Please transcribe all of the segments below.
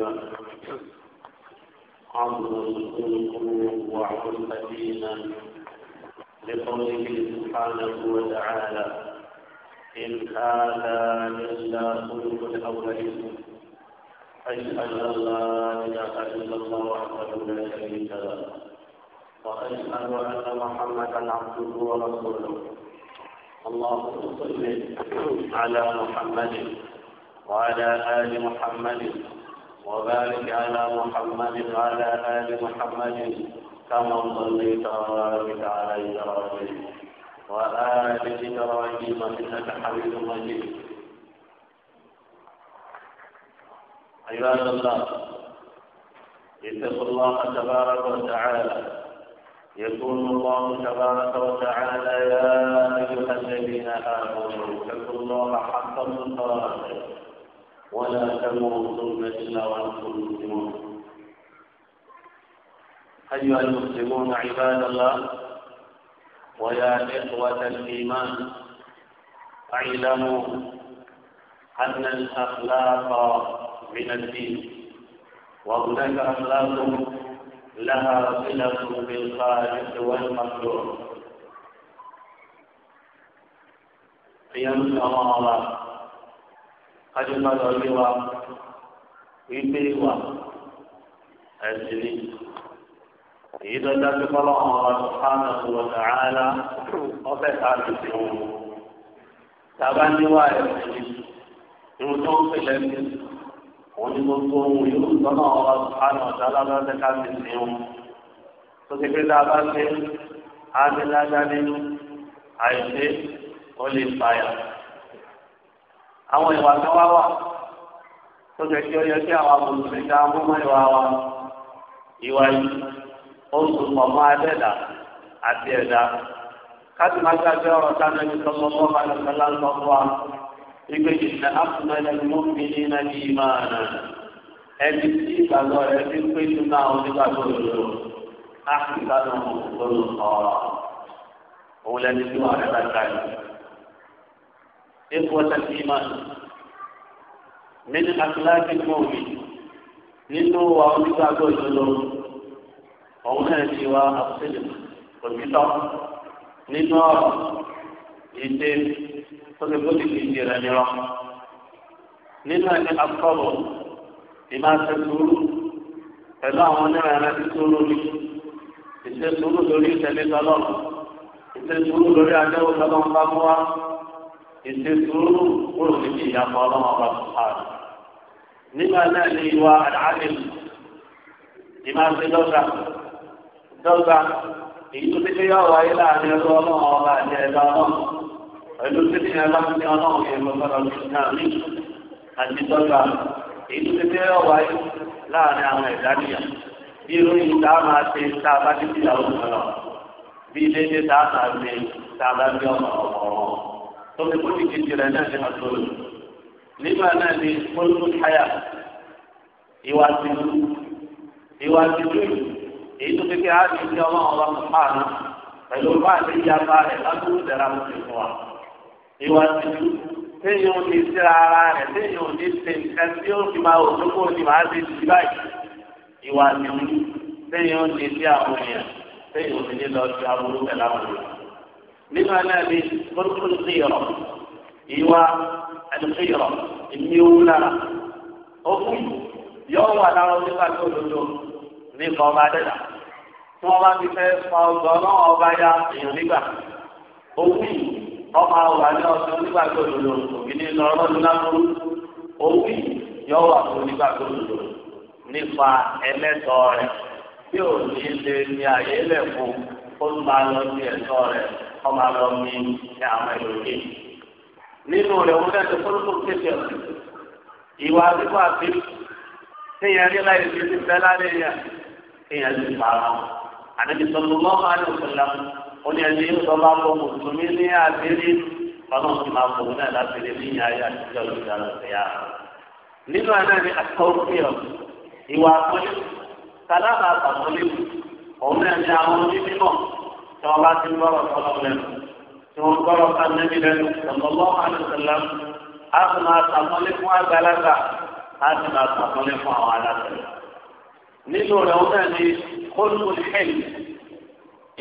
الله عظمكم وعظم دينا لقوله سبحانه وتعالى إن هذا إلا خلق الأولين أشهد أن لا إله إلا الله وحده لا شريك له وأشهد أن محمدا عبده ورسوله اللهم صل على محمد وعلى آل محمد وبارك على محمد وعلى آل محمد كما صليت وبارك على إبراهيم وآل إبراهيم إنك حميد مجيد عباد الله اتقوا الله تبارك وتعالى يقول الله تبارك وتعالى يا أيها الذين آمنوا اتقوا الله حق تقاته ولا تموتن إلا وأنتم مسلمون أيها المسلمون عباد الله ويا إخوة الإيمان اعلموا أن الأخلاق من الدين وهناك أخلاق لها صلة بالخالق والمخلوق قيام الله kájú má lọ lé wa wípé wa ẹsìn ni èyí tó dájú kọ́lọ́ ọ̀rọ̀ sùpánà wọ̀ sàrànlá ọ̀fẹ́ káàdì sí wọn. Tàbá ní wà ẹsìn irun tó ń pèlè ní òun gbogbo ohun yóò tọ́nà ọ̀rọ̀ sùpánà ọ̀dà alábẹ́sẹ̀ káàdì sí wọn. Tó ti pé tàbá ṣe á nínú àìsí ó lè fàyà àwọn ìwà kan wá wà tó jẹ́ kí ó yẹ kí àwọn mùsùlùmí ká mọ́mọ́ ìwà wa ìwà yìí ó sùn pọ̀ mọ́ adẹ́dà àti ẹ̀dá káàtì máa gbàgbé ọ̀rọ̀ táwọn ẹni tó mọ́ bá lọ ń sọ wa ìgbé ìṣẹ̀lẹ̀ àfúnmẹ́lẹ̀ ni wọ́n fi ní náà ní ìmọ̀ àná ẹni tí ìgbàgbọ́ rẹ̀ ti pé nínú àwọn onígbàgbọ́ òdodo á sì gbádùn òun lọ́rọ̀ òun lẹni tí wọ́n rẹ̀ bá gbà إخوة الإيمان من أخلاق المؤمن nínú wa onígbàgbọ́ ìdúró òun náà ti wá àfẹ́lẹ̀ òtítọ́ nínú ọ̀rọ̀ ìdè tókèbóde kì í di rẹ̀ nírọ̀ nínú ẹni akọ́bọ̀ ìmáṣe sùúrù pẹ̀lú àwọn onírànlẹ́ ti sùúrù ni ìṣe sùúrù lórí ìtẹ̀lé tọ́lọ̀ ìṣe sùúrù lórí adéwò tọ́lọ̀ ń bá mú wa. ìṣe sùúrù kúrò níbi ìyàpọ̀ ọlọ́wọ́ bá tó nígbà náà ni ìwà àdáhàlẹ̀ ni dọ́gba dọ́gba èyí tó ti yọ ọba àti pẹ̀lú tí ti àti dọ́gba èyí tó ti yọ láàrin àwọn ẹ̀dá nìyà bí máa ṣe tá a bá ti ti àwọn ọmọ bí ilé a a bá tóbi kó ti kejì rẹ̀ náà ní àtòlù nígbà náà ní kóńtù káyà ìwà tìlú ìwà tìlú èyí tó kékeré á ti jẹ́ ọmọ ọba kọ̀ọ̀kan pẹ̀lú bá àti ìyapa rẹ̀ lábúrú dẹ̀ra mú ti fún wa ìwà tìlú téèyàn ò ní síra ara rẹ̀ téèyàn ò ní ṣe nǹkan tí ó fi máa wò tó kó o ti máa ṣe ti báyìí ìwà tìlú téèyàn ò ní sí àwọn èèyàn téèyàn ò ní lọ sí aburú pẹ̀lú àwọn èèyàn. nínú aláàbí kọ́ńtùn kéèrọ̀ ìwà àdùkéèrọ̀ ìmíwúlà ọkùn yóò wà lára ọba ya ní ọdún nígbà tó dodo ògidì lọ́rọ́ ọmọ àlọ́ mi ní àwọn ìròyìn nínú rẹ̀ wọ́n fẹ́ẹ́ tó fọ́lọ́fọ́ tẹ̀sẹ̀ ìwà àdúgbò àti téèyàn rí láì fi ti fẹ́ lálẹ́ yẹn téèyàn ti pa ara àdébí sọ̀tún lọ́wọ́ àdébùsọ̀lá ó ní ẹni tó bá kó mùsùlùmí ní àdéhìí ọlọ́run ti máa fò náà láti lè ní ayé àtijọ́ ìjà lọ́sẹ̀yà nínú ẹ̀ náà ni àtọ́fíọ̀ ìwà àpọ́lé sálábà àpọ́lé òun náà ni àwọn onímọ̀ tí wọ́n bá ti ń gbọ́rọ̀ sọ́lọ́ lẹ́nu tí wọ́n gbọ́rọ̀ sá nẹ́bí lẹ́nu sallallahu alaihi wasallam á sì máa sàmọ́lé fún àgbàlagbà á sì máa sàmọ́lé fún àwọn aláṣẹ. nínú rẹ̀ ó náà ní kólùkù hẹ́lì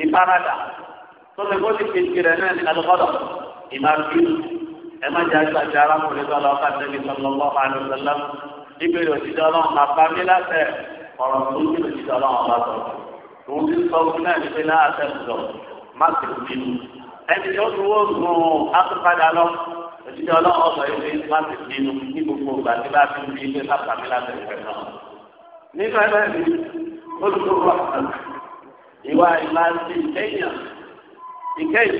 ìfaradà tó lè kó ti kejì rẹ̀ náà ní alùpàdọ̀ ìmàbíyù ẹ má jẹ́ àgbàjọ arákùnrin tó lọ́ọ́ ká nẹ́bí sallallahu alaihi wasallam òṣìṣẹ́ ọlọ́run òun ti sọ fún náà nípe láàṣẹ lọ má sì kú nínú ẹni tó ti wọ́n mú akópadà lọ òṣìṣẹ́ ọlọ́run ọ̀sọ̀ yìí ní má sì kú nínú ní gbogbo ìgbà tí bá fi ń bí ilé lápàmì láti ìfẹ́ náà. nínú ẹgbẹ́ mi olùkókò ìwà ìlà ti ìkẹyìn ìkẹyìn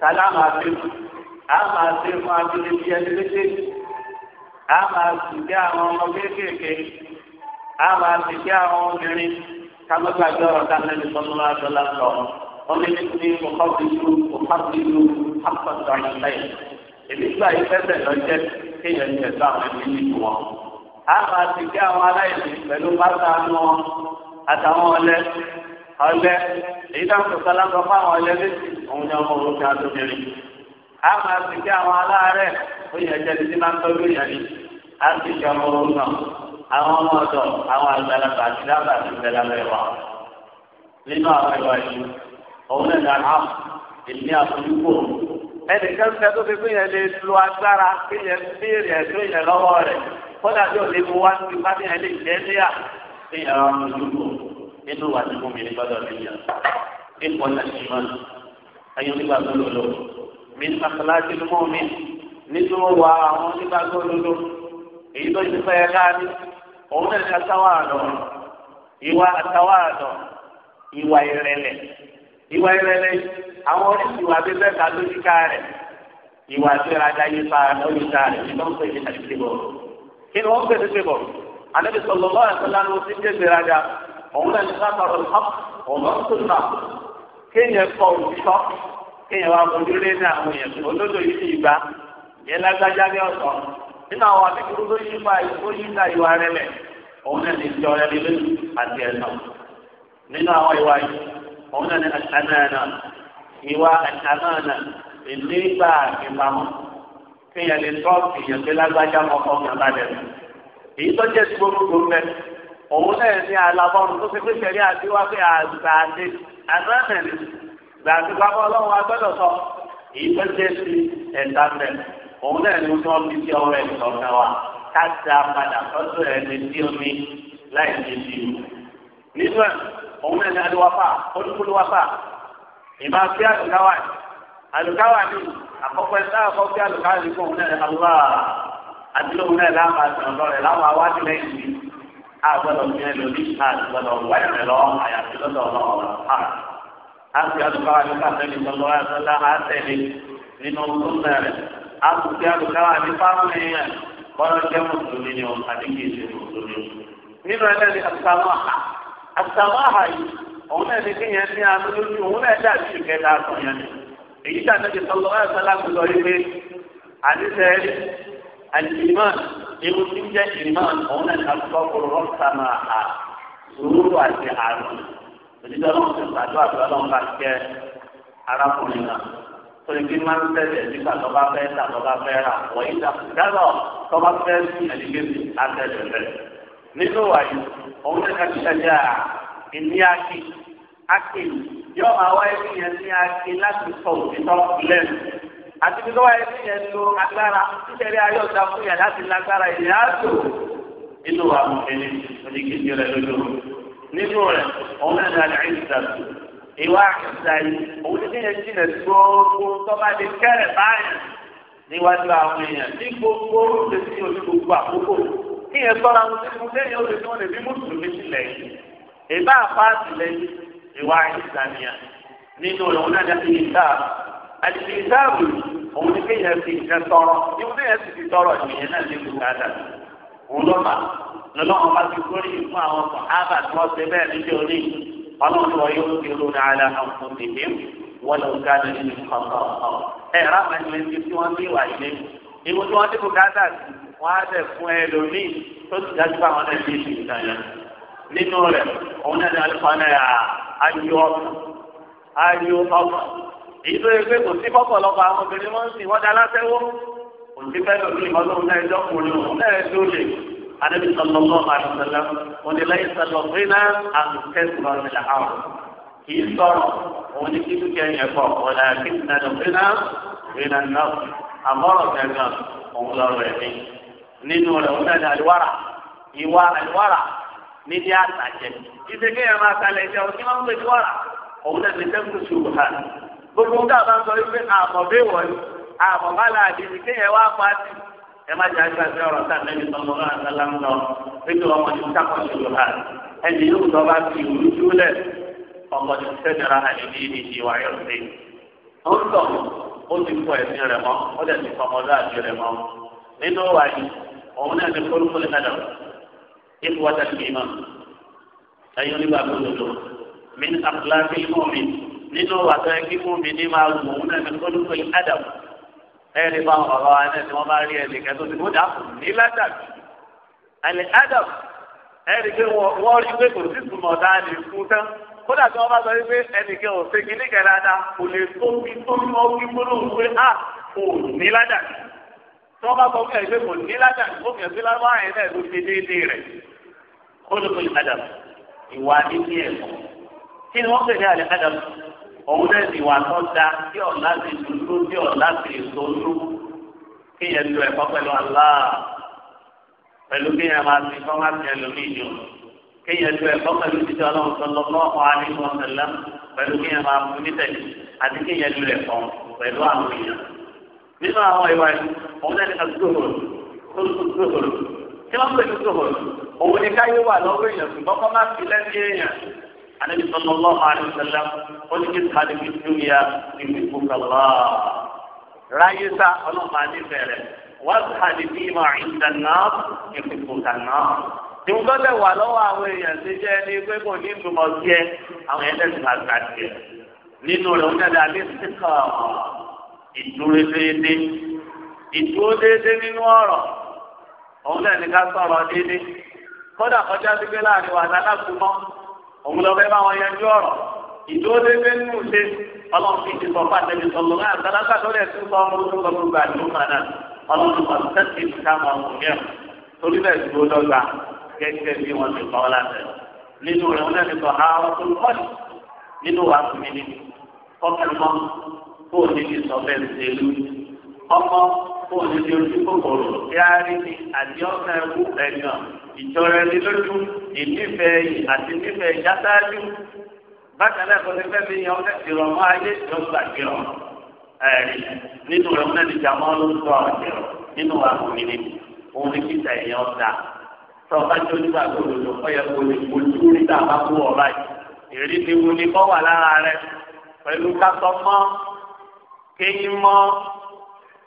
tálá máa fi á máa fi fún abilékí ẹni méjèèjì á máa sì gbé àwọn ọmọ kéékèèké á máa sì gbé àwọn obìnrin. كما تجارة كان النبي صلى الله عليه وسلم ومن اسمي مقبل مقبل حق الضعيفين ìdígbà ìfẹsẹ̀ lọ jẹ́ kéèyàn ń tẹ̀sán àwọn ẹbí nínú wọn. a máa ti kí àwọn aláìsí pẹ̀lú bàtà wọn àtàwọn ọlẹ́ ọlẹ́ èyí náà kò sálá sọ fún àwọn ọlẹ́ méjì òun ni ọmọ òrùka tóbìnrin. a máa ti kí àwọn aláàárẹ̀ ó yẹ jẹ́ ti máa ń tọ́jú ìyàní a ti kí ọmọ òrùka àwọn ọmọ ọ̀dọ́ àwọn àgbàlagbà àti dábà àti ìgbàlagbà ẹwà nínú àwọn ẹwà yìí òun náà dàrá ìní àfojúkò ẹnì kẹfẹ tó fi gbìyànjú lè lo agbára kéèyàn béèrè ẹ̀tọ́ ìyẹn lọ́wọ́ rẹ̀ kódà bí òde mu wá sí fábí ẹ lè jẹ léyà kéèyàn rà wọn lójú nínú wà ní gómìnà gbọ́dọ̀ nìyẹn ipò nàìjíríà ayé onígbà tó lòlò mi ní masalasi mi nítorí èyí tó ti fẹ́ káàdì òun náà ní atáwàdọ̀ ìwà atáwàdọ̀ ìwà ìrẹ̀lẹ̀ ìwà ìrẹ̀lẹ̀ àwọn oríṣi ìwà bíi bẹ́ẹ̀ ká lójú ká rẹ̀ ìwà ìṣẹ́ra dáyé fa lójú ká rẹ̀ ní wọ́n pè ní àdìsíbọ̀ kí ni wọ́n pè ní àdìsíbọ̀ alẹ́ sọ̀lọ́ lọ́wọ́ àtọ́lá ló ti dé ìgbéraga òun náà ní sábàrọ̀ ọ̀nà tó nà kéèyàn kọ òtítọ́ kéèyàn wá fojú lé ní àwọn nínú àwọn àbíkúrú tó yípa tó yípa ìwà rẹ lẹ òun náà ní ìjọ rẹ lílé àti ẹnà nínú àwọn ìwà yìí òun náà ní àtànáàna ìwà àtànáàna ìnígbà ìpamọ́ kéèyàn lè tọ́ èèyàn pé lágbájá ọkọ̀ ọ̀gá bá dẹ̀ èyí tó jẹ́ sí gbogbo mẹ́ òun náà ní alábọ́ọ̀rù tó fi pé sẹ́rí àdéhùn àti àgbàdé àtànáàna gbàgbé pamọ́ ọlọ́run agbọ́dọ̀ sọ èyí tó jẹ́ sí ẹ̀dá mẹ́rin òun náà ni wọ́n fi ti ọ̀rọ̀ ẹ̀ sọ̀tàn wa ká da padà sọ́dọ̀ ẹ̀ lè di omi láì lè di o. nínú ẹ̀ òun náà ni adúwáfà olúkúlúwáfà ìmọ̀ àti àlùkáwà àlùkáwà ni àkọ́kọ́ ẹ̀ sáà kọ́ sí àlùkáwà ni fún òun náà ni àlùwà àdúlóhùn náà láwọn àtọ̀nọ̀lọ́ rẹ̀ láwọn awájú lẹ́yìn mi àgbọ̀dọ̀ fi lórí àgbọ̀dọ̀ wáyà lọ àyàfi lọ́dọ̀ ọlọ́run àti àlùkáwà ni káfíńtì lọ́wọ́ àtọ́lá àtẹ̀lé nínú tó ń bẹ̀rẹ̀. àtúntì àbùkáwà ní fáwọn èèyàn kọ́nà jẹ́ mùsùlùmí ni wọn àti kì ha, ṣe mùsùlùmí. nínú ẹgbẹ́ ni àtàmáhà àtàmáhà yìí òun náà ní kí ní àánú òun náà dà sí ìkẹta àtọ̀ yẹn ni. èyí tí àtẹ̀jẹ̀ sọ̀rọ̀ ẹ̀ sọ́lá kò lọ yí àdìsẹ́rì àdìmọ́ ewu tí ń jẹ́ ìmọ̀ òun náà ní àtúbọ̀kùrù rọ́ọ̀tàmáhà sùúrù àti àrùn òjijì ọlọ́run ti torí pé máa ń tẹ̀lé nígbà tó bá fẹ́ tà tó bá fẹ́ rà wọ́n yìí dábọ̀ tó bá fẹ́ sí ẹ̀dígbèsè látẹ̀lé rẹ̀. nínú wàyí òun ní ká ṣẹlẹ̀ à ìní aki aki yóò máa wáyé bí yẹn ní aki láti sọ òtítọ́ lẹ́nu. àti bí wọ́n wáyé bí yẹn lo agbára títẹ̀lé ayé ọ̀dà fún yẹn láti lágbára ìyá àtò inú wa mú ẹni oníkejì rẹ̀ lójú nínú rẹ̀ òun ní ìwà àkàtà yìí òun ní kéèyàn jìnà gbogbo tọ́ba lè kẹ́rẹ̀ báyìí níwájú àwọn èèyàn ní gbogbo oúnjẹ tí o ní gbogbo àkókò kéèyàn tọ́ra wọn sí fún lẹ́yìn oúnjẹ tí wọ́n lè fi mùsùlùmí sílẹ̀ yìí ìbá àpáàtì lẹ́yìn ìwà àkàtà nìyẹn nínú ìwọ̀n náà dàbí ìta àdìsí ìtaàbù òun ní kéèyàn fi nǹkan tọrọ ìwọ kéèyàn sì fi tọrọ ìyẹn náà ní bùkátà òun lọ́mà lọ́lọ́mà bá ti gbórí fún àwọn sọ̀hábà tí wọ́n ṣe bẹ́ẹ̀ níjẹ́ orí ọlọ́run wọn yóò fi rúnà àlà àwọn òṣèlú wọn lọ ká lórí ní kọ̀ọ̀kọ̀ ọ̀. ẹ rábà ní ẹni tí wọ́n bí wà ilé ìwọ tí wọ́n ti kó gáàsà sí wọ́n á tẹ̀ fún ẹ lómi tó ti dájú pé àwọn náà ti ṣe ìdáyà. nínú rẹ̀ òun náà ní alùpàdé ayọ̀ ayọ̀ ọmọ èyí tó yẹ pé kò sí pọ́pọ̀lọpọ̀ àwọn obìnrin wọn sì wọ́n dá aláṣẹ́wó kò sí fẹ́ lómi anabi sallallahu alayhi wa sallam wọn ni láyé sàlọ́fínà àtúntẹ́sùn ọ̀rẹ́lá àwọn kì í sọ̀rọ̀ òun ni kí dúkìá yẹn kọ̀ ọ̀là kí n nà lọ́fínà rìnnà náà àmọ́rọ̀ gẹ́gẹ́ òun lọ́rọ̀ ẹ̀mí nínú rẹ̀ òun náà ni àlùwárà ìwà àlùwárà ní bí àtàjẹ ìṣègbè yẹn máa kalẹ̀ ẹ̀jẹ̀ òun kí wọ́n ń pè òun náà ni tẹ́kùn ṣùgbọ́n gbogbo nǹkan àbá ń sọ wípé àmọ̀ bẹ́ẹ̀ wọ̀nyí àmọ̀ bá la àdìsí kéèyàn wá pa á sí ẹ má jẹ àgbàgbé ọ̀rọ̀ tá lẹbi tọmọ náà sálám lọ nítorí ọmọ ní sákò ṣòro ha ẹni yóò tọ́ bá fi ìlú júlẹ̀ ọmọ ní sẹ́jọ́ra àyèmí ní ìwà yọ̀ọ̀sẹ̀ ó ń tọ̀ ó ti kọ ẹ̀sìn rẹ̀ mọ́ ó dẹ̀ ti fọmọ láàbí rẹ̀ mọ́ nínú ni òun náà ti kólúkólú náà ìlú wọ́tà kì í mọ̀ ẹ̀yin onígbà gbọdọ̀ mi ẹni bá ọ̀rọ̀ ẹni tí wọ́n bá rí ẹni kẹ́tọ́ ti kódà kù ní ládàbí àlẹ́ adam ẹni pé wọ́n rí pé kò sí ìtumọ̀ dání kú tán kódà tí wọ́n bá sọ wípé ẹni kẹ́ òsè kìíní kẹ́ dáadáa kò lè tó kí tó kí wọ́n kí gbólóhùn pé a ah, kò ní ládàbí tí wọ́n bá sọ wípé ẹni kò ní ládàbí ó kẹ̀ sí lábá ẹ̀ náà ló ṣe déédéé rẹ̀ kódà kò ní adam ìwà ní òun náà sì wà tó da tí ọ̀la ti dúdú tí ọ̀la ti sọ́nú kí yẹn lu ẹ̀kọ́ pẹ̀lú Allah pẹ̀lú kí yẹn máa ti fọ́nmá ti ẹlòmíì jù kí yẹn lu ẹ̀kọ́ pẹ̀lú títí ọlọ́run sọlọ lọ́kọ̀ àdéhùn ọ̀sẹ̀lẹ̀ pẹ̀lú kí yẹn máa fún nítẹ̀lé àti kí yẹn lu ẹ̀kọ́ pẹ̀lú àwọn èèyàn. nínú àwọn ìwà ẹ̀ òun náà ti ka gbóhòrò gbóhòrò kí wọ́n pè ní gbóhòrò òun ni káyé wà lọ́wọ́ èèyàn ṣùgbọ́n kọ́ má fi lẹ́sí èèyàn النبي صلى الله عليه وسلم قل إن هذه الدنيا يحبك الله رئيسا اللهم عليه فعلا واذهب فيما عند النار يحبك النار tìǹbù bẹ wà lọ́wọ́ àwọn èèyàn ṣe jẹ́ ẹni pé kò ní ìgbìmọ̀ sí ẹ àwọn ẹ̀dẹ̀ ti máa gbà tiẹ̀ nínú rẹ̀ ń dàda ní síkà ìdúró déédéé ìdúró déédéé nínú ọ̀rọ̀ òun náà ní ká sọ̀rọ̀ déédéé kódà kọjá sí pé láàrin wà lálákùmọ́ òun lọ fẹ́ bá wọn yanjú ọ̀rọ̀ ìdúró dédé nínú ṣe ọlọ́run fi ti sọ fún àtẹ̀lé sọ̀rọ̀ náà sàdákà tó lẹ̀ tún sọ ọmọ tó lọ gbogbo àdúgbò padà ọlọ́run kọ̀ tẹ́tì ká máa wù mí ẹ̀ torí bẹ́ẹ̀ dúró dọ́gba gẹ́gẹ́ bí wọ́n ti kọ́ láti nínú rẹ̀ wọ́n ti sọ àwọn tó lọ́ nínú wa mi ní kọ́kẹ́ mọ́ kó ti sọ bẹ́ẹ̀ ṣe lóyún ọkọ kó o lè di ojú kòkòrò tí a rí ni àdéhùn ẹ̀kú ẹ̀gàn ìjọra ẹni lójú ìnífẹ̀ẹ́ àti nífẹ̀ẹ́ yátáájú bákan náà kò ní fẹ́ mi yan ìrọ̀mọ́ ayé yóò gbàgbé ọ̀ ẹ̀rí nínú rẹ̀ wọn lè jàmọ́ ló ń tọ́ ọ̀jẹ̀ ọ̀ nínú àwọn òmìnir òun ní kíta ẹ̀yàn ọ̀dà tó o bá nígbà tó o lò kó o lè kojú bá kú ọ̀ báyìí èrí ni wo ni kọ́ wà lára rẹ pẹ̀lú kásán mọ́ kéyìn mọ́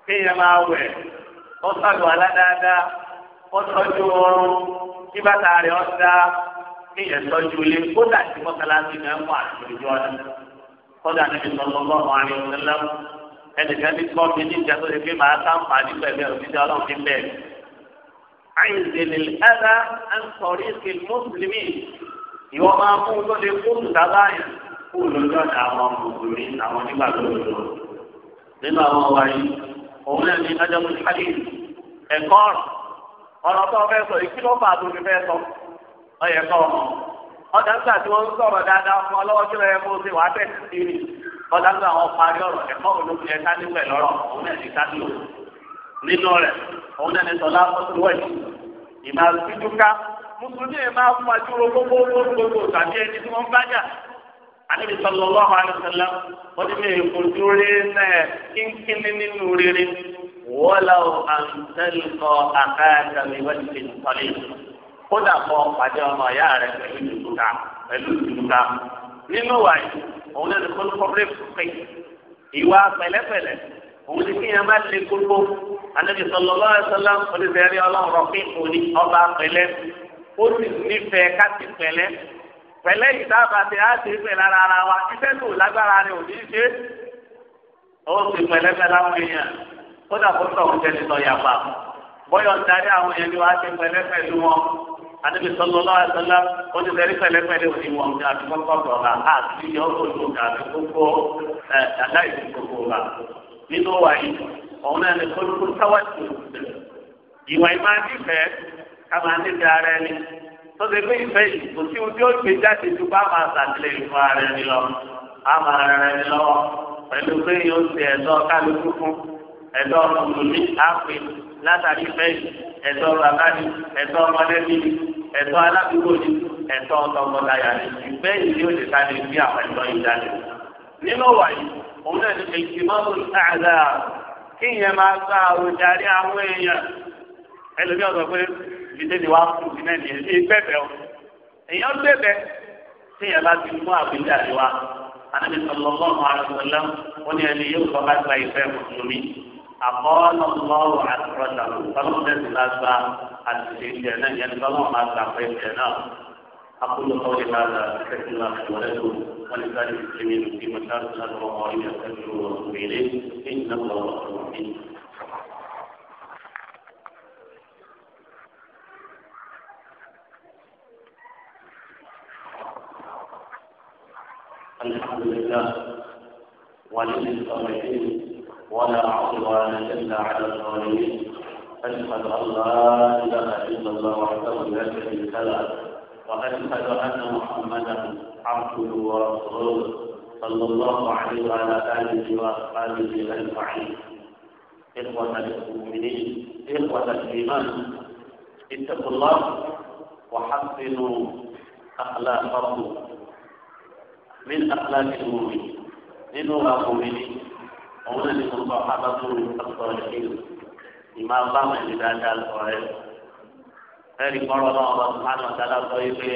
kéèyàn máa wẹ̀ ó sọ̀dọ̀ aládáadáa ó tọ́jú oorun tí bàtà rẹ̀ ó dá kéèyàn tọ́jú ilé kódà tí mọ́sálásí náà ń wà lójú ọ̀nà kódà níbi sọ̀tọ̀ lọ́wọ́ àrùn ìṣẹ̀lẹ̀ ẹnìkan ní kọ́ mi ní ìjà tó lè fi màá sáǹfààní pẹ̀lú òṣìṣẹ́ ọlọ́run fi bẹ́ẹ̀. àìsèlè ẹ̀dá ń sọ̀rí ìsìn mùsùlùmí ìwọ máa mú un lóde fún ìdábàáyà kúrò lójú ọ̀dà àwọn mùsùlùmí àwọn nígbà tó lò nínú àwọn wáyé òun náà ní ádámù hali ẹ̀kọ́ ọ̀rọ̀ tó fẹ́ sọ ìkí ló fà tó fi fẹ́ sọ ọyẹ kọ́ ọ̀dà ńgbà tí wọ́n ń sọ̀rọ̀ dáadáa fún ọlọ́wọ́ tí wọ́n yẹ kó ṣe wàá tẹ̀sí sí ni ọ̀dà ńgbà wọn parí ọ̀rọ̀ ẹ̀kọ́ òun ló fi ẹ̀ka nígbẹ̀ lọ́rọ̀ òun náà ní kádùn nínú rẹ̀ òun náà ní sọlá fọ́túwẹ̀t ìmọ̀ àti dúkà mùsùlùmí ẹ̀ máa fún adúró gbogbo gbogbo tàbí ẹni tí wọ́n bá jà anabi sallallahu alayhi wa sallam wọ́n ti fi èkúté rere náà kínkínní nínú rere wọ́lá àǹtẹ̀lùkọ àkáyàtàmì wọ́n ti fi tọ́lé kódà kọ́ pàdé ọmọ ìyá rẹ̀ pẹ̀lú ìdúgà pẹ̀lú ìdúgà nínú wàyí òun lè kó kọ́pẹ́rẹ́ pé ìwà pẹ̀lẹ́pẹ̀lẹ́ òun ti fi yẹn lè kókó anabi sallallahu alayhi wa sallam wọ́n ti fẹ́ rí ọlọ́run rọ̀ pé òun ni ọba pẹ̀lẹ́ ó sì nífẹ̀ẹ́ káàkiri pẹ̀lẹ́ pẹ̀lẹ́ ìdábà tí a ti pè lára ara wa iṣẹ́ tó lágbára rẹ̀ ò ní ṣe ó ti pẹ̀lẹ́pẹ̀ láwọn èèyàn ó dàbọ̀ tó ń tẹ̀lé sọ yàgbà bọ́yọ̀ ń darí àwọn èèyàn ni wàá ti pẹ̀lẹ́pẹ̀ lú wọn àdébí sọlọ lọ́wọ́ àtọ́lá ó ti tẹ̀lé pẹ̀lẹ́pẹ̀ lé òní wọn ní àtúkọ́kọ́ sọ̀rọ̀ àti yọ òṣù àti gbogbo ẹ̀ aláìsí gbogbo wa nínú wa yìí òun náà ní kólókó sáwàtì ìwà ìmáa nífẹ̀ẹ́ ká máa nífẹ̀ẹ́ ara ẹni tó ṣe pé ìfẹ́ yìí kò sí ohun tí ó gbé jáde ju bá máa ṣàtìlẹ́yìn fún ara ẹni lọ á máa rẹ ẹni lọ́wọ́ pẹ̀lú pé yóò ṣe ẹ̀dọ́ kálukú fún ẹ̀dọ́ mùsùlùmí àpè látàrí ìfẹ́ yìí ẹ̀dọ́ bàbáni ẹ̀dọ́ ọmọdébí ẹ̀dọ́ aládùúgbò ni ẹ̀dọ́ ọ̀tọ̀mọdàyà ni ìfẹ́ yìí yóò ṣe ká lè gbé àwọn ẹ̀dọ́ yìí jáde. nínú wàyí òun náà ní èyí máa ń sáàdà kí ìyẹn máa gbá àwòjáde àwọn èèyàn ẹlòmíọ̀ sọ pé ìdílé ni wàá kú sí náà nìyẹn ní bẹ́ẹ̀ o èèyàn bẹ́ẹ̀ tíyẹn bá ti mú àbíjà rẹ wá ànábi sallallahu alaihi wasallam ó ní ẹni yóò kọ́ bá gba ìfẹ́ mùsùlùmí àkọọ́lọ́ lọ́wọ́ àtúrọ̀dà tọ́lọ́mù tẹ̀sí lágbá àtìlẹ́ ìjẹ náà yẹn tọ́lọ́mù máa gbà pé ìjẹ náà أقول قولي هذا أستغفر الله لي ولكم ولسائر المسلمين في مشارق الحمد لله ولي الصالحين ولا عدوان الا على الظالمين اشهد ان لا اله الا الله وحده لا شريك له واشهد ان محمدا عبده ورسوله صلى الله عليه وعلى اله واصحابه اجمعين إخوة المؤمنين إخوة الإيمان اتقوا الله وحسنوا أخلاقكم من أخلاق المؤمنين لنرى المؤمنين أولا لصحابة الصالحين لما قام جاء القرآن هذه قال الله سبحانه وتعالى طيبة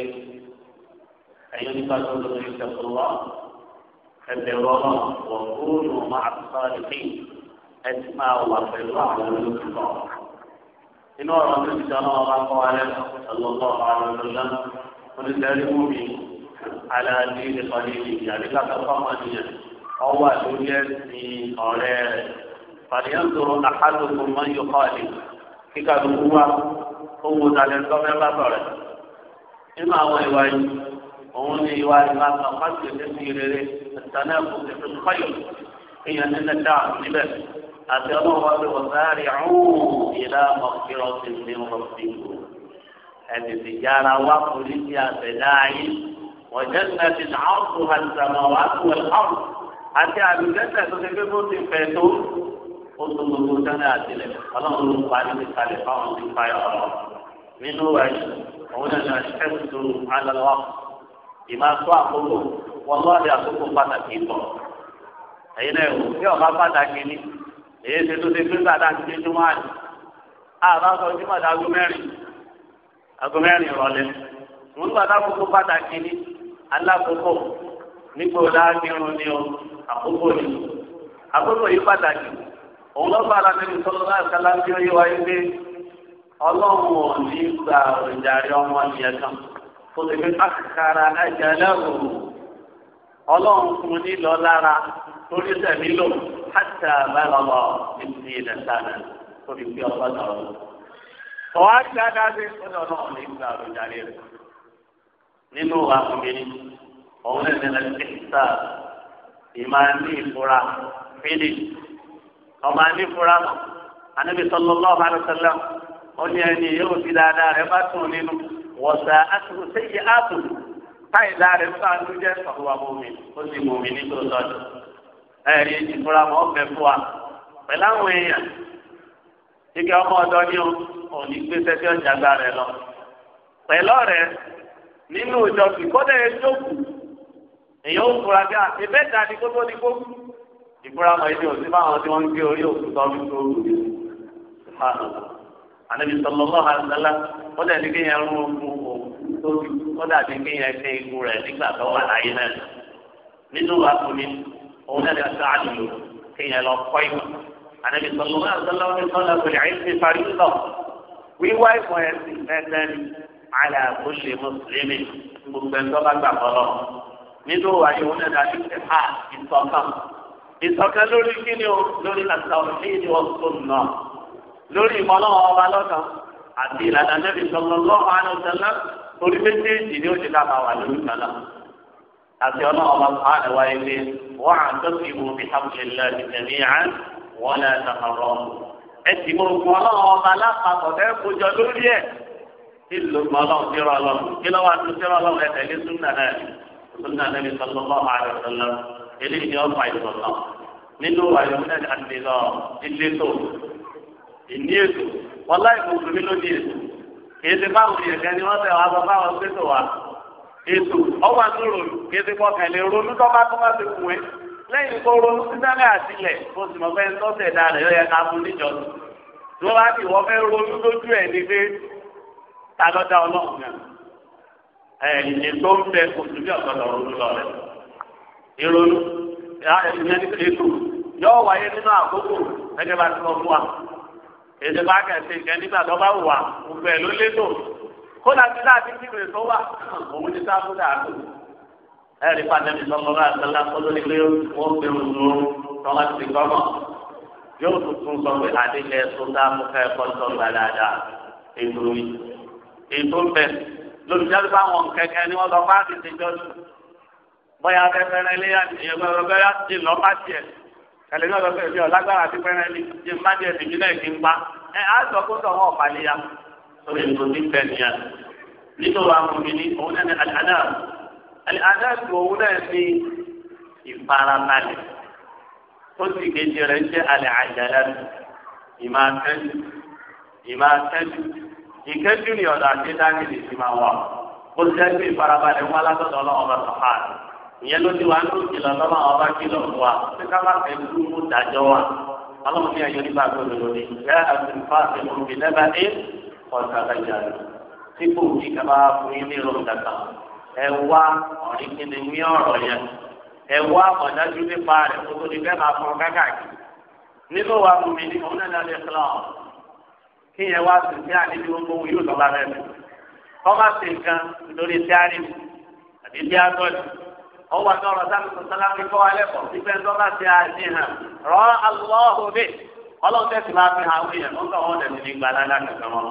أيها الناس اتقوا الله فاتقوا الله وكونوا مع الصالحين أسمع في الله ولكم إن أردت أن أرى قوالا صلى الله عليه وسلم ونزال المؤمنين aláàdé ìkọ́lé ìdí àbíkàtọ̀ fọ́mọ̀nìyàn ọwọ́ àlórí ẹ̀sìn ọ̀rẹ́ rẹ̀ fàdíyàntòrò àhádùkù mọ́ yọkọ́ọ̀lì kíkà lóko wá owó talẹ̀ntọ́ mẹ́fà sọ̀rẹ̀ nínú àwọn ìwà yìí òun ni ìwà ìwà kan fásitì tẹ̀sí rere ìtànà ìfòsí fún fáyọ̀ èèyàn nínú dáa níbẹ̀ àti ọlọ́run wá ti ní wá polisi àtẹ̀dá yìí. وجنة عرضها السماوات والأرض أتى بجنة تكبر في فيتون قلت له جنة أتلك اللهم صل على الخليفة من خير منه هنا الحس على الوقت ìmọ̀ sọ àkókò wọn lọ́ọ̀dẹ àkókò pàtàkì bọ̀ ẹ̀yin náà wò bí ọba pàtàkì ni èyí ṣe tó ṣe pé gbàdá ti dé júmọ́ àná àbá sọ júmọ̀ dá ago mẹ́rin ago mẹ́rin ìrọ̀lẹ́ wọn gbàdá alákòókò nígbà láàbírun ni o àkókò ni àkókò yìí pàtàkì òun lọ́ba alábẹ́ni sọ́dọ́ náà kálá bí ó yé wáyé pé ọlọ́run ò ní gba ìjàre ọmọ nìyẹn kan kó lè fi àkàrà ẹ̀jẹ̀ lẹ́rù ọlọ́run fún ní lọ lára torí sẹ̀mí lò hàtà bàlọ́lọ́ ìdí ilẹ̀ sáà torí pé ọgbà náà. ọ̀hún àti àdáṣe ọ̀dọ̀ náà ní gba ìjàre rẹ̀ nínú àkùnrin òun lè nílẹ̀ kíkà ìmọ̀ ní ìfura fídì ọmọ ní ìfura mọ̀ anábì sallallahu alaihi wasallam ó ní ẹni yóò fi dáadáa rẹ bá tún nínú wọ̀sà àtúntò séyí àtúntò táyì dáadáa rẹ bá tún jẹ́ sọ̀rọ̀ mọ́mi ó sì mọ̀mí ní tó sọ́dọ̀ ẹ̀rí ìfura mọ̀ ọ̀fẹ́ fún wa pẹ̀lú àwọn èèyàn kíkẹ́ ọmọ ọ̀dọ́ ní òní gbé sẹ́sẹ́ ọ̀jàgbá rẹ lọ pẹ̀lú ọ̀rẹ́ nínú ìjọsìn kọ́dẹ̀ ẹjọ́kù èyàn ń fura bí àti bẹ́ẹ̀ ta ni kótó ni kó ìfura mọ̀ ẹni òsì fáwọn tí wọ́n ń gé orí òkú tọ́ fún orí òkú ànábi sọlọ́lọ́ àdàlà kọ́dẹ̀ ní kéèyàn rún òkú tóbi kọ́dà ní kéèyàn ṣe ikú rẹ̀ nígbà tó wà láyé náà nínú àkùnrin òun náà ti àdùnnú kéèyàn lọ kọ́ ìmọ̀ ànábi sọlọ́lọ́ àdàlà wọn ni sọlọ́ àlà kulli mùsùlùmí gbogbo ẹ̀ tọ́ba gbà fọlọ́ nínú wàyí wọn náà ní ṣe ha ìṣọ̀kan ìṣọ̀kan lórí kíni o lórí àtàwọn ìdí wọn tó nà lórí ìmọ̀lọ́wọ́ ọba lọ́kàn àti ìlànà nẹ́bí sallallahu alaihi wasallam orí méjèèjì ni ó ti dábàá wà lórí kan náà àti ọlọ́wọ́ ọba sàn wá ilé wọ́n á tọ́sí ìwò bí hamdulilá ti tẹ̀lé àn wọ́n náà tàkàrọ̀ ẹ̀ sì mọ̀ ọba lápapọ̀ fẹ́ kójọ lórí ẹ̀ ìlú ọlọ́run tí ọ̀rọ̀ ọlọ́run kí lọ́wọ́ àti tí ọ̀rọ̀ ọlọ́run ẹ̀ tẹ̀lé súnà náà súnà náà ní sọlọ́lọ́ ààrẹ sọlọ́ eléyìí ni ọ̀fà ìsọ̀tọ̀ nínú àyọ̀mọ́ àti lọ ilé tó ìní ètò wọn láì gbogbo mi ló ní ètò kìí ṣe báwo ni ẹ̀kẹ́ ni wọ́n tẹ̀ wá sọ báwọn ṣe tó wa ètò ọwọ́ àtúrò kìí ṣe kọkàn lè ronú tó bá tó bá ti kù ẹ́ lẹ́yìn tó ronú sí dáná àtìlẹ̀ kó sì mọ̀ fẹ́ tọ́tẹ̀ dáa rẹ̀ yọ yẹ ká fún níjọ́ tí wọ́n bá ti wọ́n fẹ́ ronú lójú ẹ̀ ní pé ta ló dá ọlọ́run náà ẹ̀yìn tó ń bẹ oṣù bí ọ̀gọ́dọ̀ ronú lọ rẹ̀ ìrònú ètò yóò wáyé nínú àkókò gẹ́gẹ́ bá ti lọ fún wa èdè bá kẹsì nǹkan nígbà tó bá wù wá gbogbo ẹ̀ ló létò kódà tí láti kí ìrètò wà òun ti sá fún dàrú ẹ̀rí pàtẹ́mì sọ́kọ́ bá àtàlà kó lórí pé wọ́n fi ń lo tọ́lá ti gbọ́mọ̀ yóò tuntun sọ pé àdéhùn ẹ̀sùn dáàmú kẹ́kọ̀ọ́ sọ́gbà dáadáa ètò yìí ètò ń bẹ lójúdájú bá wọn kẹ̀kẹ́ ni wọ́n lọ bá ti ṣe jọ́sìn bóyá fẹ́fẹ́rẹ́ ilé ìyẹ̀gbẹ́rẹ́ ti lọ́ bá tiẹ̀ kẹlẹ́ ní ọ̀dọ́ fẹ́ẹ́ fi ọ̀lágbára ti fẹ́rẹ́ ní ti má tiẹ̀ tìjú náà kí n pa ẹ á sọ kó sọ wọn ọ̀pàlẹ́ ya sórí ètò ti bẹ̀ nítorí àwọn mi ní òun náà ní àdáà àdáà tó òun náà ní ìfarabalẹ̀ ó sì kejì rẹ̀ jẹ́ àlẹ́ àjàlá ìmọ̀ àtẹ́jú ìmọ̀ àtẹ́jú ìkẹ́jú ni ọ̀dọ̀ àti dáńgìlì ti máa wà ó ti dẹ́gbẹ́ ìfarabalẹ̀ wọn alásọ̀dọ̀ ọlọ́wọ́ bá sọ̀ hàn ìyẹn ló ti wá ń lòdì lọ́nà àwọn bá kìlọ̀ fún wa pé ká má fẹ́ kú mú dájọ́ wa ọlọ́run ní ayọ̀ nígbà gbọdọ̀ lónìí ìyá àtúnfà ti mú mi lẹ́bàá ní ọ̀sà àgbàjà rẹ̀ tí kò ní ká bá fún yín ní ìrọ̀rùn dàgbà ẹ wá ọ̀rìn kí ni mí ọ̀rọ̀ yẹn ẹ wá ọ̀dájú nípa rẹ̀ kó ní fẹ́ máa fọ́n kákàkiri nínú wa mú mi ní ọ̀nà ìlànà ìsìlámù kí yẹn wá sí sí àníbi gbogbo wọn yóò lọ́ba rẹ̀ kọ́má sí nǹkan nítorí tí a rí mu àbí bí a tọ́ ni wọ́n wà ní ọ̀rọ̀ sáà tuntun sọ́lá fi kọ́ alẹ́ pọ̀ sípẹ́ tó bá ti àṣì hàn rọ́ àlọ́hùn mi ọlọ́run tẹ̀sí máa fi hàn àwọn èèyàn lọ́sọ̀ wọn dẹ̀ ní gba alága kankan wọn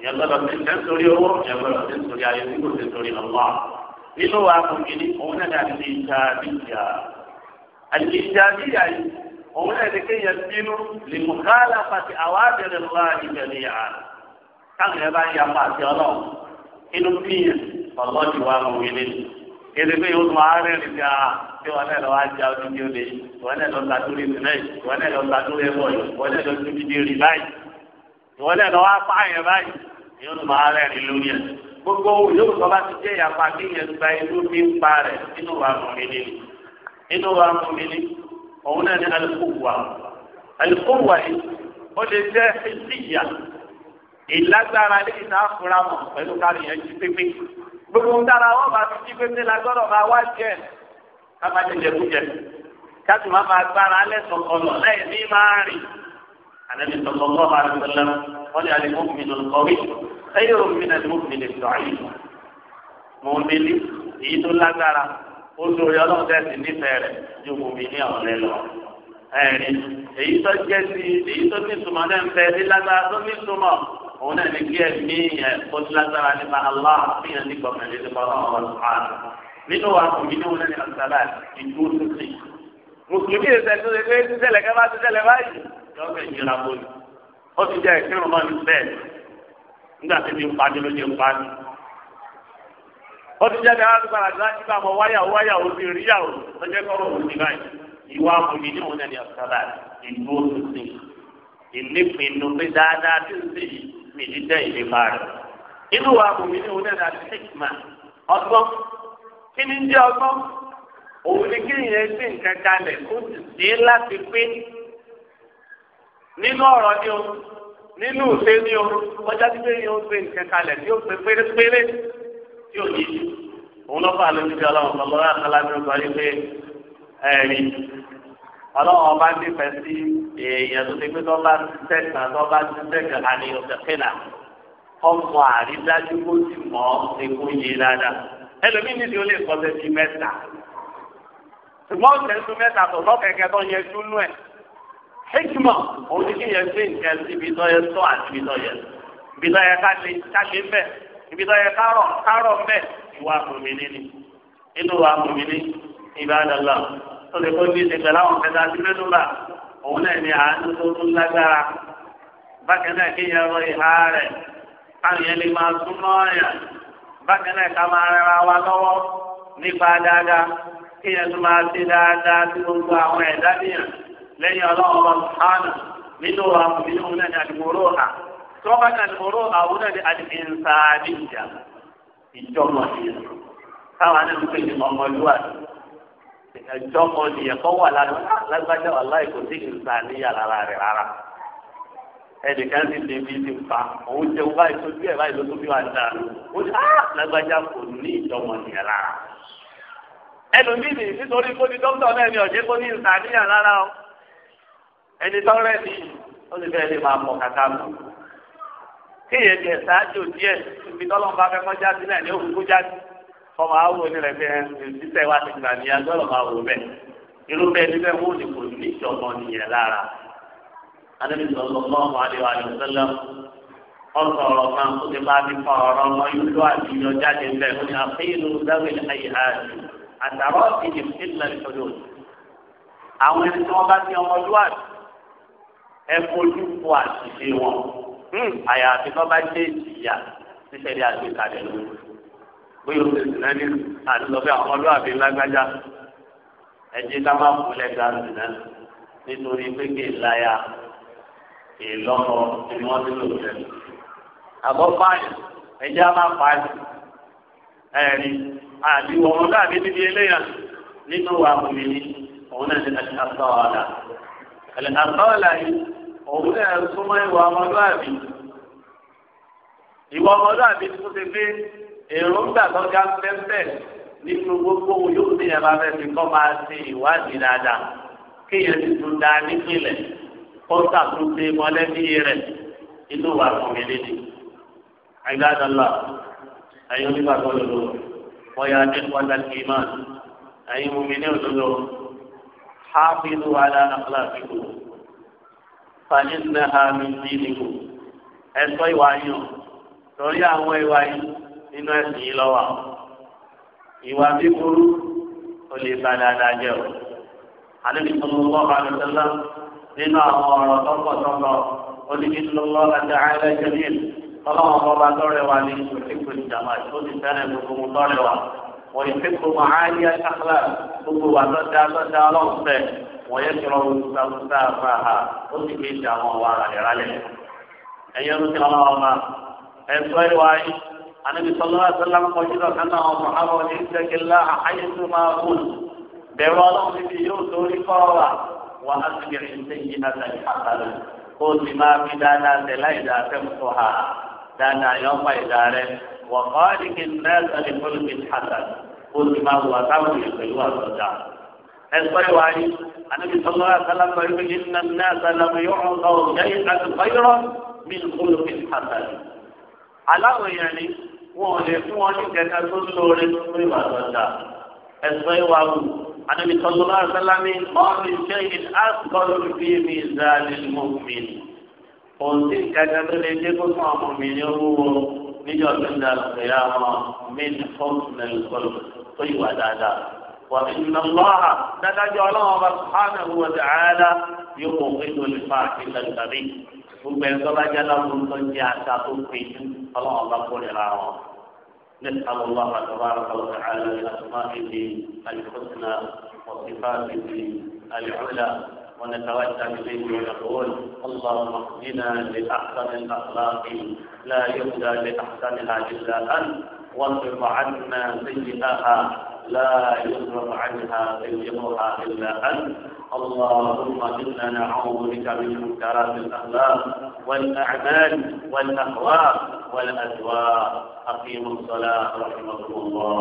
ìyẹn gbọ́dọ̀ ti ṣe nítorí owó ìyẹn gbọ́dọ̀ ti nítorí ayé tí kò ti nítorí ọlọ́ nínú wa kò kìíní òun náà ní òun náà ní kéèyàn bínú lè mú káàlà pàtì àwọn àbẹ̀rẹ̀ lọ́wọ́ ìbẹ̀ ní yàrá káwọn yẹn bá ń yapa àti ọlọ́run inú bíyàn ọlọ́ọ̀dì wa mú wílé kéde pé yóò tún ààrẹ rìn bí a ṣé wọn náà lọ wá jẹ ọdún tí ó lè wọn náà lọ gbàdúrà ìsìnlẹ̀ wọn náà lọ gbàdúrà ẹbọ wọn náà lọ tún dídí rí báyìí wọn náà lọ wá pààyàn báyìí yóò tún ààrẹ rìn lórí ẹ gbogbo yóò sọ bá ti jẹ ìyapa kéèyàn gba inú bí ń pa rẹ inú wa mú wílé inú wa mú wílé òun náà ní alukówa alukówa yìí ó lè jẹ́ ìsìyà ìlágbára lè ta fúra mọ̀ pẹ̀lú kárí yẹn jí pépé gbogbo ń dára wọn bá fi jí pépé la gbọ́dọ̀ máa wá jẹ ká máa jẹjẹ kú jẹ ká sì má máa gbára lẹ́sọ̀ ọ̀nà lẹ́yìn ní máa rìn àlẹ́ sọ̀tọ̀ lọ́wọ́ bá ti lọ wọ́n ní alẹ́ ló ń kọ́rí ẹ̀yọ́ mi náà mọ́mí lè sọ àyè mọ́mí èyí tó lágbára oṣù rẹ ọlọ́run tẹ̀sí nífẹ̀ẹ́ rẹ̀ ju bùnmi ní ọ̀rẹ́ lọ. ẹ̀rín èyí tó jẹ́ sí èyí tó ní ìtumọ̀ náà ń bẹ ní lágbára tó ní ìtumọ̀ òun náà ní kí ẹ̀mí ẹ̀ kó ti lágbára nípa Allah fíyàn ní gbọ̀mọ̀lẹ́ nípa ọlọ́run ọ̀sán. nínú wa bùnmi ní òun náà ní àgbàlá ìdú òṣìṣì. mùsùlùmí ẹ̀sẹ̀ tó ṣe pé sísẹ̀lẹ̀ ká bá sísẹ̀lẹ̀ báyìí lọ́ọ̀kẹ́ ìjìnlá bọ́ọ̀lù ó ti jẹ́ ìkírun náà ní bẹ́ẹ̀ nígbà tí mi ń pa ó ti jẹ́ bí arúgbó àti láti bá ọmọ wáyàwó wáyàwó ti rí yàwó lọ́jọ́ kọ́rọ̀ òní báyìí ìwà àmúyí ní òun ẹni ọ̀sálà ìlú òṣìṣẹ́ ìnípinnu pé dáadáa ti ń sè yìí mi ní jẹ́ ìlépa rẹ̀ inú wa àmúyí ní òun ẹni àtìkìmà kí ni jẹ́ ọgbọ́n òun ni kí nìyẹn sí nǹkan kalẹ̀ kó sì sí láti pé nínú ọ̀rọ̀ ni o nínú òṣèlú ni o ọjà tí pé yẹn ó gbé nǹkan kalẹ̀ tí ó gbé pérépéré tí ò ní òun lọ́kọ̀ àlejò ti ọlọ́run sọ lọ́wọ́ àkàlà mi sọ yìí pé ẹ̀rí ọlọ́run ọba nífẹ̀ẹ́ sí èèyàn tó ti pé tó bá ti tẹ̀sán tó bá ti tẹ̀sán àníyàn tẹ̀kẹ́là ọmọ àrídájú kó sì mọ́ ẹ̀kọ́ yìí dáadáa ẹlòmíì ní ti ó lè kọ́ sẹ́sì mẹ́ta ṣùgbọ́n sẹ́sì mẹ́ta tó lọ́ kẹ̀kẹ́ tó yẹ dúnú ẹ̀ hekima òun ti kí yẹn sí nǹkan síbi tó yẹ tó àti ibi tó yẹ ibi tó yẹ ká ṣe ká ṣe bẹ́ẹ̀ ibi tó yẹ kárọ̀ kárọ̀ mbẹ́ ìwà àmùmíní ni inú wa àmùmíní ìbádàlá tó lè kó ní ìṣẹ̀gbẹ̀ láwọn kẹta sí mẹ́tòlá òun náà ni àánú tó tún lágbára bákan náà kéèyàn rọ ìhà rẹ̀ káwọn yẹn lè máa súnmọ́ ọ̀yàn bákan náà ká máa rẹra wa lọ́wọ́ nípa dáadáa kéèyàn tún máa ṣe dáadáa tí gbogbo àwọn ẹ̀dá nìyàn lẹ́yìn ọlọ́run ọba sùhánù tọ́ba kan lóró àwọn ẹni àdìgbìnsáàdì ìjà ìjọmọ nìyẹn táwọn ẹni pè ní ọmọlúwàdì di nìyẹn kọ́ wà lágbájá wà láì kò sí ìsáàdì yàrá rẹ̀ rárá ẹnìkan ti lè fi ti fa òun jẹun báyìí tó bí ẹ báyìí ló tó bí wà dáa ó ní ah! lágbájá kò ní ìjọmọ nìyẹn rárá ẹlòmíì nì nítorí kó ní dókítà náà ni ọ̀jẹ́ kó ní ìsáàdì yàrá rárá o ẹni tọ́rẹ́ ni ó ti fẹ́ẹ́ lè máa mọ̀ kàkà mọ́ kéèyàn jẹ ṣáájú díẹ̀ ibi tọ́lọ́mù bá fẹ́ kọjá sílẹ̀ ní òkú kọjá sí ọmọ awo ni rẹ̀ fẹ́ ṣiṣẹ́ wa ti gbà ní agbọ́dọ̀ máa wò bẹ́ẹ̀ irúfẹ́ níbẹ̀ wọ́n ní kò ní ìjọba nìyẹn lára Ànábì sallallahu alaihi wa sallam ọ̀sọ̀ ọ̀rọ̀ kan kó ti bá ti fa ọ̀rọ̀ ọmọ yúlò àti yọ jáde bẹ́ẹ̀ ó ní àfihàn dáwìn Hmm. àyàfi tó bá dé ìyá ṣíṣe ní àgbékalẹ̀ ló bóyá o tẹ̀sí náà ní àdúgbò àwọn ọlọ́àbí lágbájá ẹ̀jẹ̀ ká má kú lẹ́gbẹ̀ẹ́ àdúgbò nítorí pé kí n láya ìlọ́mọ tí wọ́n ti lò tẹ̀. àbọ̀ fáyì ẹ̀jẹ̀ á má fáyì ẹ̀rí àti wọ̀n dàbí níbi eléyà nínú àbùmí ni òun náà ti ẹ̀ṣẹ̀ àtọ́ọ̀lá ẹ̀ṣẹ̀ àtọ́ọ̀lá yìí òun náà súnmọ́ ìwà ọmọlúàbí ìwà ọmọlúàbí tó ti gbé èròǹgbà tó ga pẹ́pẹ́ nínú gbogbo yóò ní ẹ̀rọ abẹ́sí kọ́ máa ṣe ìwádìí dáadáa kéèyàn ti tún da nípìnlẹ̀ kó ṣàtúnṣe mọ́lẹ́bí rẹ̀ inú wa fún mi lédè. àgbàdàlà ẹ̀yin onígbàgbọ́ lòlò bóyá ẹ̀kọ́dà kìímà ẹ̀yin mùmí ní òdodo hábìlú aláàlá fúlàfíkù fàníṣẹ́ àmì ìdílé ẹ̀sọ́ ìwà yìí torí àwọn ìwà yìí nínú ẹ̀sìn yìí lọ́wọ́ ìwà bíburú ó lè ba dáadáa jẹ́ o àdébí sọlọ́lọ́ àdùsọ́lá nínú àwọn ọ̀rọ̀ tọ́kọ̀tọ́kọ̀ oníkìlọ́lọ́ àti àìlẹ́ jẹ́líl ọlọ́wọ́n bọ́ba tọ́rẹ̀ wa ní ìpínlẹ̀ ìjàmbá tó ti fẹ́rẹ̀ gbogbo mu tọ́rẹ̀ wa wọ́n ìpínlẹ̀ mọ̀ wọ́n yẹ kí wọ́n sáfúsá fà á ó sì fi dà wọn wà àyàrá lẹ̀. ẹ̀yin ọdún tí wọ́n máa ma ẹ̀sọ́ ìwà yìí anabi sọlá sọlá kọjú lọ kánà ọmọ àwọn ọdún ìṣẹ́kẹ̀lá àyẹ̀tò máa kú bẹ̀rù ọlọ́run níbi yóò torí kọ́ wa wà á sì bẹ̀rẹ̀ ìṣẹ́yìn àtàlẹ́ àtàlẹ́ kó o sì máa fi dáadáa tẹ̀ láì dáa fẹ́ mú sọ ha dáadáa yọ ọmọ ẹgbẹ́ wa ni anabi sọlá sálámà yìí ní nàná sálámà yìí ọ̀hún ọ̀ jẹ́yìn àtúbáyọ̀rọ̀ mi nkúlù mi pàtàkì. aláwọ̀ yẹn ni wọn ò lè fún wọn ní kẹta tó lóore fún ìwà lọ́dà ẹgbẹ́ wa wù anabi sọlá sálámà ọ̀hún jẹ́yìn àtúbáyọ̀rọ̀ fi mi zàlì mọ́mìn. òǹtí kẹta tó lè dé fún ọmọ mi ní owó níjọ́ tó ń dà lọ́yà wọn mí ní fọ́ọ̀mù وإن الله تتجعل الله سبحانه وتعالى يقوم الفاحشة الكبير gbogbo ẹgbẹ́ bá jẹ́ lọ́kùnrin tó ń jẹ́ àṣà tó pè é ọlọ́run bá kórè ra wọn. نسأل الله تبارك وتعالى بأسمائه الحسنى وصفاته العلى ونتوجه إليه ونقول اللهم اهدنا لأحسن الأخلاق لا يهدى لأحسنها إلا أنت واصرف عنا سيئها لا يصرف عنها سيئها إلا أنت اللهم إنا نعوذ بك من منكرات الأخلاق والأعمال والأهواء والأدواء أقيموا الصلاة رحمكم الله